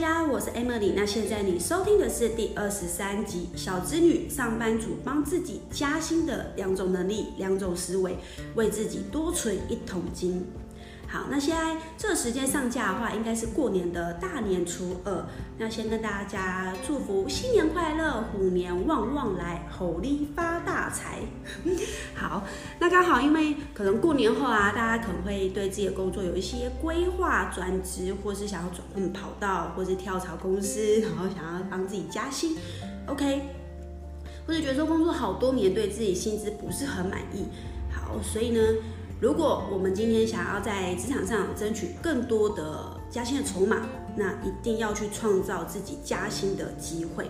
大家好，我是 Emily。那現在你收聽的是第二十三集《小資女》，上班族幫自己加薪的兩種能力、兩種思維，為自己多存一桶金。好，那現在這時間上架的話，應該是過年的大年初二。那先跟大家祝福新年快樂，虎年旺旺來，猴年發大財。 好，那剛好因為可能過年後啊，大家可能會對自己的工作有一些規劃，轉職或是想要轉換、嗯、跑道，或是跳槽公司，然後想要幫自己加薪。OK，或者覺得說工作好多年，對自己薪資不是很滿意。好，所以呢。如果我們今天想要在職場上爭取更多的加薪的籌碼，那一定要去創造自己加薪的機會。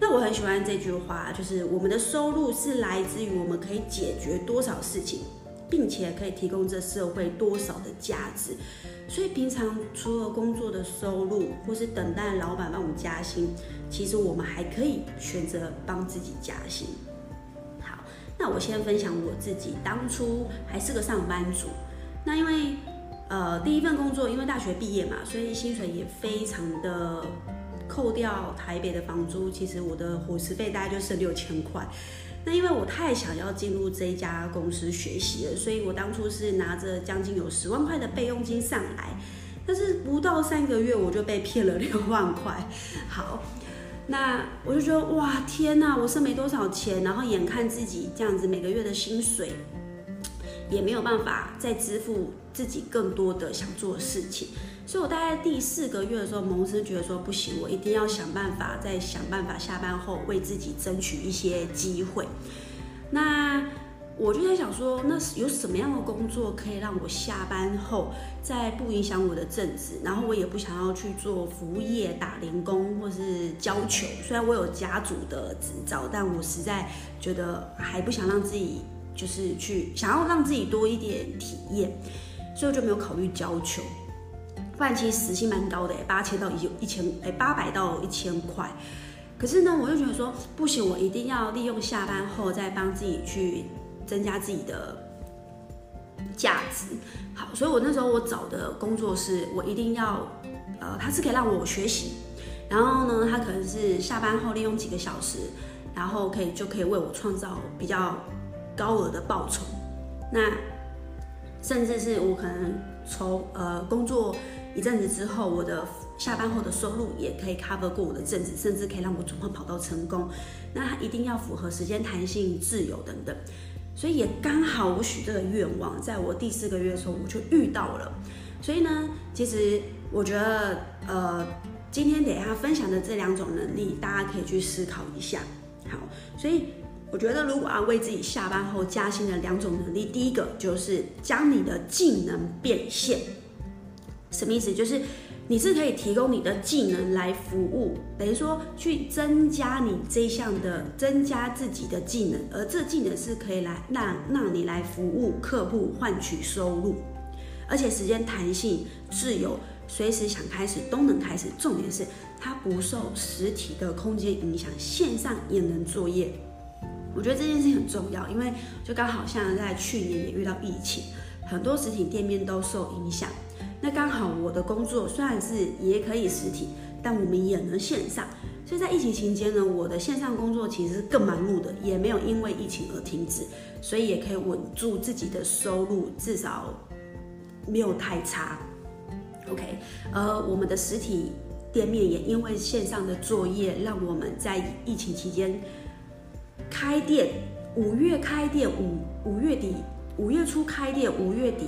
那我很喜歡這句話，就是我們的收入是來自於我們可以解決多少事情，並且可以提供這社會多少的價值。所以平常除了工作的收入，或是等待老闆幫我們加薪，其實我們還可以選擇幫自己加薪。那我先分享我自己當初還是個上班族，那因為，呃，第一份工作，因為大學畢業嘛，所以薪水也非常的，扣掉台北的房租，其實我的伙食費大概就剩六千塊。那因為我太想要進入這一家公司學習了，所以我當初是拿着將近有十萬塊的備用金上來，但是不到三個月我就被騙了六萬塊。好。那我就覺得哇，天哪，我是沒多少錢，然後眼看自己這樣子每個月的薪水，也沒有辦法再支付自己更多的想做的事情，所以我大概第四個月的時候，萌生覺得說不行，我一定要想辦法，再想辦法下班後為自己爭取一些機會，那。我就在想說，那有什麼樣的工作可以讓我下班後，在不影響我的正職，然後我也不想要去做服務業打零工或是教球。雖然我有家族的執照，但我實在覺得還不想讓自己就是去想要讓自己多一點體驗，所以我就沒有考慮教球。不然其實時薪蠻高的、欸，八千到一一千，欸，八百到一千塊。可是呢，我就覺得說不行，我一定要利用下班後再幫自己去。增加自己的價值。好，所以我那時候我找的工作是，我一定要，呃，他是可以讓我學習，然後呢，他可能是下班後利用幾個小時，然後可以就可以為我創造比較高額的報酬。那甚至是我可能從呃工作一陣子之後，我的下班後的收入也可以 cover 過我的正職，甚至可以讓我轉換跑道成功。那他一定要符合時間彈性、自由等等。所以也剛好，我許這個願望，在我第四個月的時候，我就遇到了。所以呢，其實我覺得，呃，今天給大家分享的這兩種能力，大家可以去思考一下。好，所以我覺得，如果要為自己下班後加薪的兩種能力，第一個就是將你的技能變現，什麼意思？就是。你是可以提供你的技能來服務，等於說去增加你這項的增加自己的技能，而這技能是可以來讓讓你來服務客戶換取收入，而且時間彈性自由，隨時想開始都能開始。重點是它不受實體的空間影響，線上也能作業。我覺得這件事很重要，因為就剛好像在去年也遇到疫情，很多實體店面都受影響。那剛好我的工作雖然是也可以實體，但我們也能線上，所以在疫情期間呢，我的線上工作其實更忙碌的，也沒有因為疫情而停止，所以也可以穩住自己的收入，至少沒有太差。OK，而我們的實體店面也因為線上的作業，讓我們在疫情期間開店，五月開店，五五月底，五月初開店，五月底，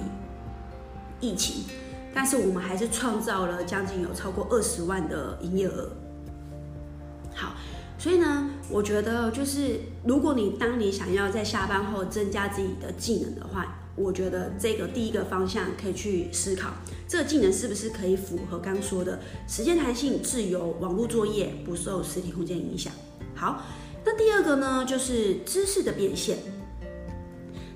疫情。但是我們還是創造了將近有超過二十萬的營業額。好，所以呢，我覺得就是如果你當你想要在下班後增加自己的技能的話，我覺得這個第一個方向可以去思考，這個技能是不是可以符合剛說的時間彈性、自由、網絡作業、不受實體空間影響。好，那第二個呢，就是知識的變現。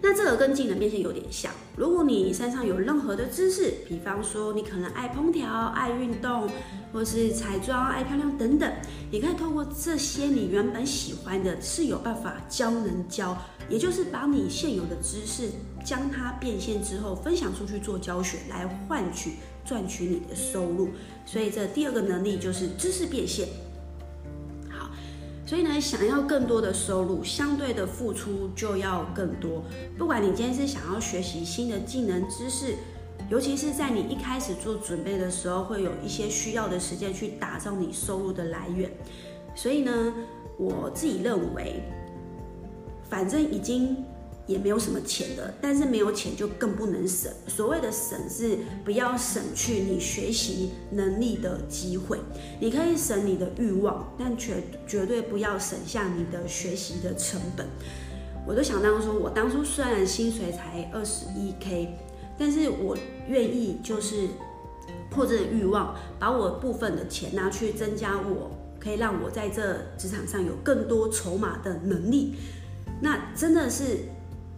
那這個跟技能變現有點像。如果你身上有任何的知識，比方說你可能愛烹調、愛運動，或是彩妝、愛漂亮等等，你可以透過這些你原本喜歡的，是有辦法教人教，也就是把你現有的知識將它變現之後分享出去做教學，來換取賺取你的收入。所以這第二個能力就是知識變現。所以呢，想要更多的收入，相對的付出就要更多。不管你今天是想要學習新的技能知識，尤其是在你一開始做準備的時候，會有一些需要的時間去打造你收入的來源。所以呢，我自己認為，反正已經。也沒有什麼錢的，但是沒有錢就更不能省。所謂的省是不要省去你學習能力的機會。你可以省你的慾望，但絕絕對不要省下你的學習的成本。我就想當初，我當初雖然薪水才二十一 K，但是我願意就是破這個慾望，把我部分的錢拿去增加我可以讓我在這職場上有更多籌碼的能力。那真的是。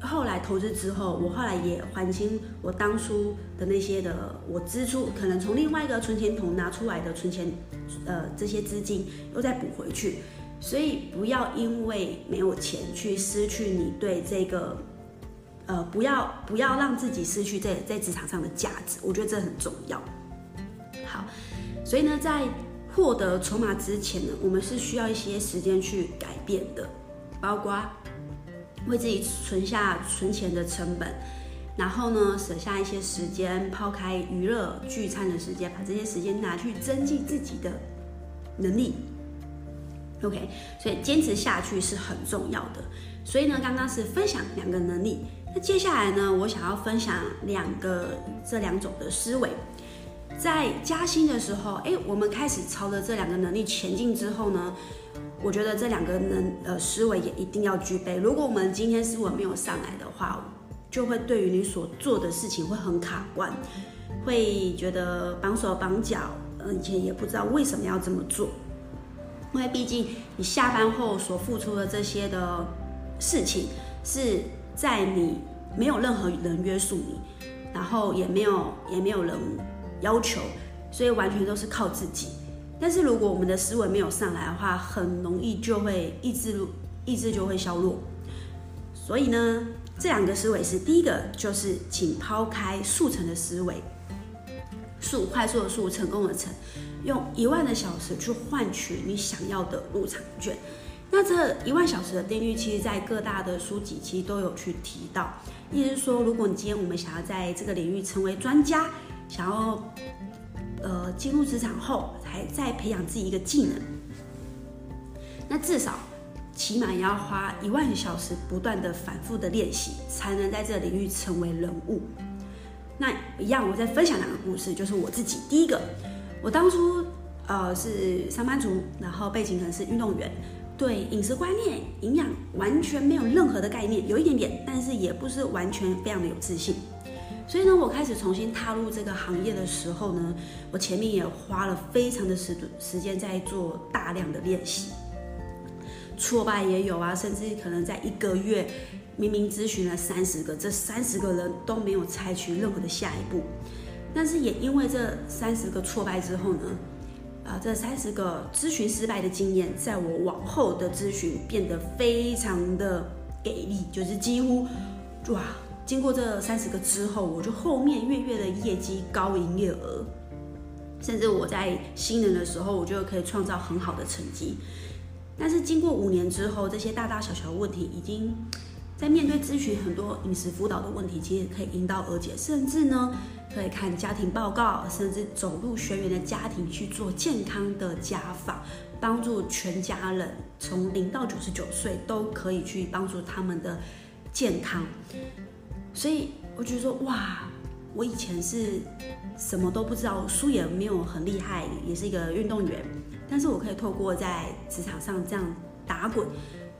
後來投資之後，我後來也還清我當初的那些的，我支出可能從另外一個存錢桶拿出來的存錢，呃，這些資金又再補回去，所以不要因為沒有錢去失去你對這個，呃，不要不要讓自己失去在在職場上的價值，我覺得這很重要。好，所以呢，在獲得籌碼之前呢，我們是需要一些時間去改變的，包括。為自己存下存錢的成本，然後呢，省下一些時間，拋開娛樂聚餐的時間，把這些時間拿去增進自己的能力。OK，所以堅持下去是很重要的。所以呢，剛剛是分享兩個能力，那接下來呢，我想要分享兩個這兩種的思維。在加薪的時候，誒，我們開始朝着這兩個能力前進之後呢，我覺得這兩個人呃思維也一定要具備。如果我們今天思維沒有上來的話，就會對於你所做的事情會很卡關，會覺得綁手綁腳，而且也不知道為什麼要這麼做。因為畢竟你下班後所付出的這些的事情，是在你沒有任何人約束你，然後也沒有也沒有人要求，所以完全都是靠自己。但是如果我們的思維沒有上來的話，很容易就會意志意志就會消弱。所以呢，這兩個思維是第一個，就是請拋開速成的思維，速，快速的速，成功的成，用一萬個小時去換取你想要的入場券。那這一萬小時的定律，其實在各大的書籍其實都有去提到，意思是說，如果你今天我們想要在這個領域成為專家，想要呃進入職場後。再培養自己一個技能，那至少起碼也要花一萬小時不斷的反復的練習，才能在這個領域成為人物。那一樣，我再分享兩個故事，就是我自己。第一個，我當初呃是上班族，然後背景可能是運動員，對飲食觀念、營養完全沒有任何的概念，有一點點，但是也不是完全非常的有自信。所以呢，我開始重新踏入這個行業的時候呢，我前面也花了非常的時時間在做大量的練習，挫敗也有啊，甚至可能在一個月明明諮詢了三十個，這三十個人都沒有採取任何的下一步。但是也因為這三十個挫敗之後呢，啊、呃，這三十個諮詢失敗的經驗，在我往後的諮詢變得非常的給力，就是幾乎，哇。經過這三十個之後，我就後面月月的業績高營業額，甚至我在新人的時候，我就可以創造很好的成績。但是經過五年之後，這些大大小小的問題，已經在面對諮詢很多飲食輔導的問題，其實可以迎刃而解，甚至呢可以看家庭報告，甚至走入學員的家庭去做健康的家訪，幫助全家人從零到九十九歲都可以去幫助他們的健康。所以我覺得說，哇，我以前是什麼都不知道，書也沒有很厲害，也是一個運動員，但是我可以透過在職場上這樣打滾，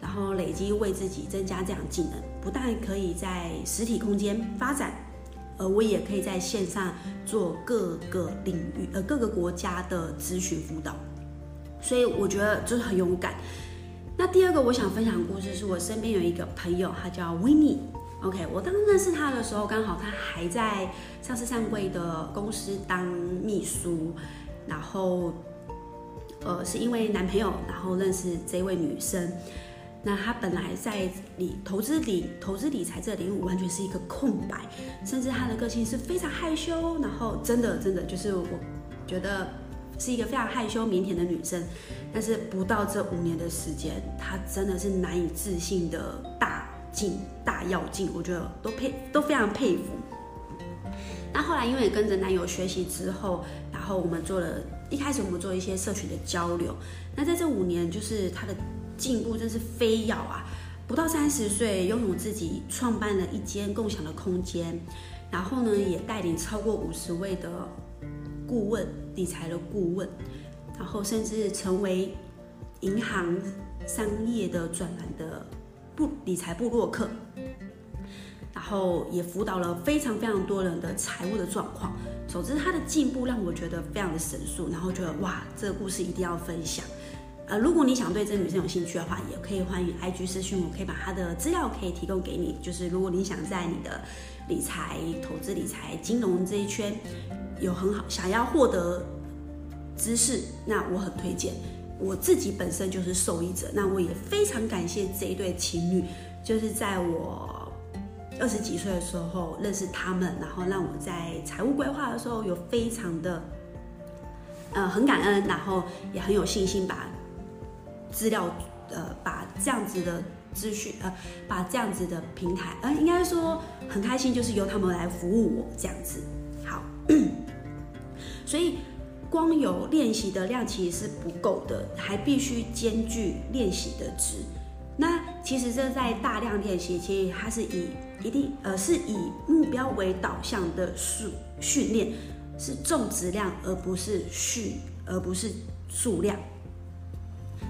然後累積為自己增加這樣技能，不但可以在實體空間發展，而我也可以在線上做各個領域呃各個國家的諮詢輔導。所以我覺得就是很勇敢。那第二個我想分享的故事是我身邊有一個朋友，他叫維尼。OK，我當認識他的時候，剛好他還在上市上櫃的公司當秘書，然後，呃，是因為男朋友，然後認識這位女生。那他本來在理投資理投資理財這領域完全是一個空白，甚至他的個性是非常害羞，然後真的真的就是我，覺得是一個非常害羞靦腆的女生。但是不到這五年的時間，他真的是難以置信的。大躍進，我覺得都佩都非常佩服。那後來因為跟着男友學習之後，然後我們做了，一開始我們做一些社群的交流。那在這五年，就是他的進步真是飛躍啊！不到三十歲，擁有自己創辦了一間共享的空間，然後呢，也帶領超過五十位的顧問、理財的顧問，然後甚至成為銀行商業的專欄的。不理財部落客，然後也輔導了非常非常多人的財務的狀況。總之，她的進步讓我覺得非常的神速，然後覺得哇，這個故事一定要分享。呃，如果你想對這個女生有興趣的話，也可以歡迎 IG 私訊我，可以把她的資料可以提供給你。就是如果你想在你的理財、投資、理財、金融這一圈有很好想要獲得知識，那我很推薦。我自己本身就是受益者，那我也非常感謝這一對情侶，就是在我二十幾歲的時候認識他們，然後讓我在財務規劃的時候有非常的、呃、很感恩，然後也很有信心把資料呃把這樣子的資訊呃把這樣子的平台呃應該說很開心，就是由他們來服務我這樣子。好， 所以。光有練習的量其實是不夠的，還必須兼具練習的質。那其實這在大量練習，其實它是以一定呃是以目標為導向的數訓練，是重質量而不是序，而不是數量。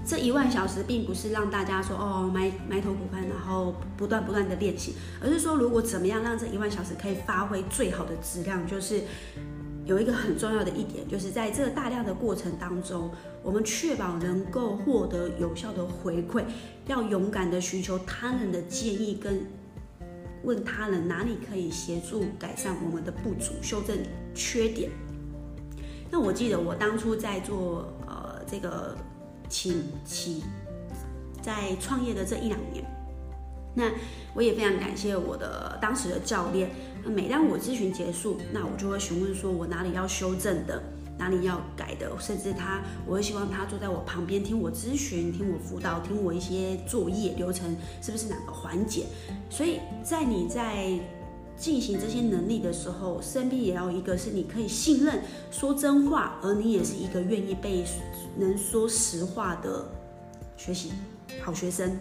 這一萬小時並不是讓大家說哦埋埋頭苦幹，然後不斷不斷的練習，而是說如果怎麼樣讓這一萬小時可以發揮最好的質量，就是。有一個很重要的一點，就是在這大量的過程當中，我們確保能夠獲得有效的回饋，要勇敢的尋求他人的建議，跟問他人哪裡可以協助改善我們的不足、修正缺點。那我記得我當初在做呃這個請棋在創業的這一兩年。那我也非常感謝我的當時的教練。每當我諮詢結束，那我就會詢問說，我哪裡要修正的，哪裡要改的，甚至他，我會希望他坐在我旁邊聽我諮詢，聽我輔導，聽我一些作業流程是不是哪個環節。所以在你在進行這些能力的時候，身邊也要有一個是你可以信任、說真話，而你也是一個願意被能說實話的學習好學生。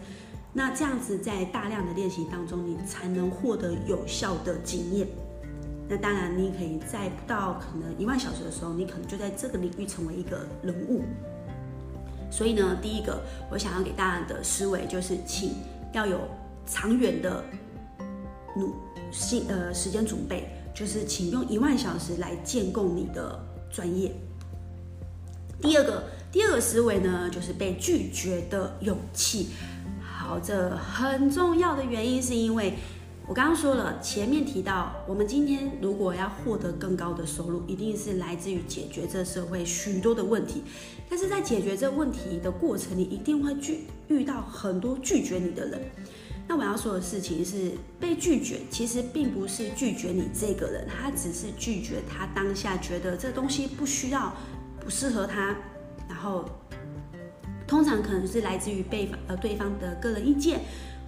那這樣子，在大量的練習當中，你才能獲得有效的經驗。那當然，你可以在不到可能一萬小時的時候，你可能就在這個領域成為一個人物。所以呢，第一個我想要給大家的思維就是，請要有長遠的努力呃時間準備，就是請用一萬小時來建構你的專業。第二個第二個思維呢，就是被拒絕的勇氣。好，這很重要的原因是因為，我剛剛說了，前面提到，我們今天如果要獲得更高的收入，一定是來自於解決這社會許多的問題。但是在解決這問題的過程，你一定會拒遇到很多拒絕你的人。那我要說的事情是，被拒絕其實並不是拒絕你這個人，他只是拒絕他當下覺得這東西不需要，不適合他，然後。通常可能是來自於被，呃，對方的個人意見，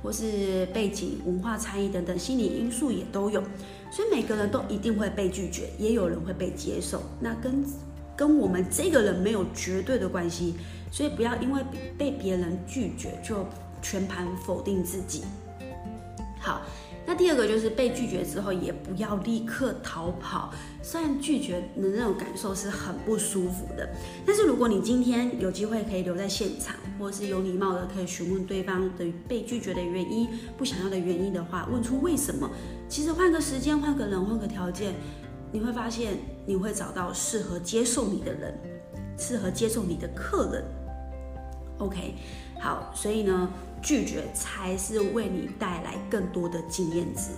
或是背景、文化差異等等心理因素也都有，所以每個人都一定會被拒絕，也有人會被接受。那跟跟我們這個人沒有絕對的關係，所以不要因為被別人拒絕就全盤否定自己。好。那第二個就是被拒絕之後，也不要立刻逃跑。雖然拒絕的那種感受是很不舒服的，但是如果你今天有機會可以留在現場，或者是有禮貌的可以詢問對方的被拒絕的原因、不想要的原因的話，問出為什麼，其實換個時間、換個人、換個條件，你會發現你會找到適合接受你的人，適合接受你的客人。OK，好，所以呢。拒絕才是為你帶來更多的經驗值。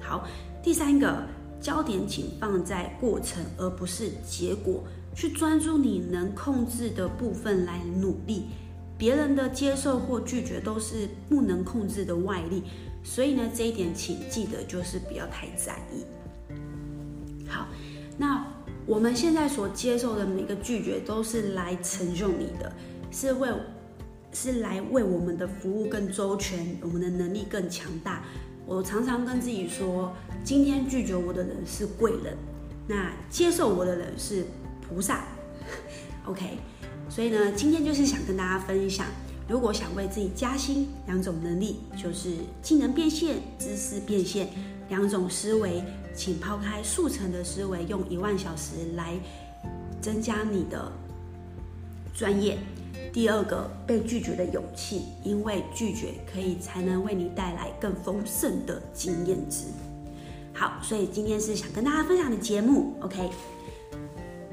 好，第三個焦點，請放在過程而不是結果，去專注你能控制的部分來努力。別人的接受或拒絕都是不能控制的外力，所以呢，這一點請記得，就是不要太在意。好，那我們現在所接受的每個拒絕，都是來成就你的，是為。是來為我們的服務更周全，我們的能力更強大。我常常跟自己說，今天拒絕我的人是貴人，那接受我的人是菩薩。 OK，所以呢，今天就是想跟大家分享，如果想為自己加薪，兩種能力就是技能變現、知識變現，兩種思維，請拋開速成的思維，用一萬小時來增加你的專業。第二個被拒絕的勇氣，因為拒絕可以才能為你帶來更豐盛的經驗值。好，所以今天是想跟大家分享的節目，OK？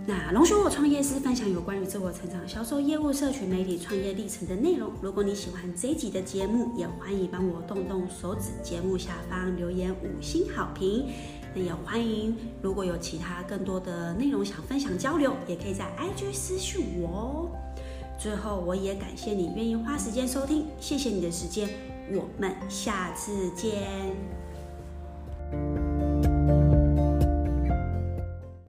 那龍雪我創業是分享有關於自我成長、銷售業務、社群媒體、創業歷程的內容。如果你喜歡這一集的節目，也歡迎幫我動動手指，節目下方留言五星好評。那也歡迎，如果有其他更多的內容想分享交流，也可以在 IG 私訊我哦。最後，我也感謝你願意花時間收聽，謝謝你的時間，我們下次見。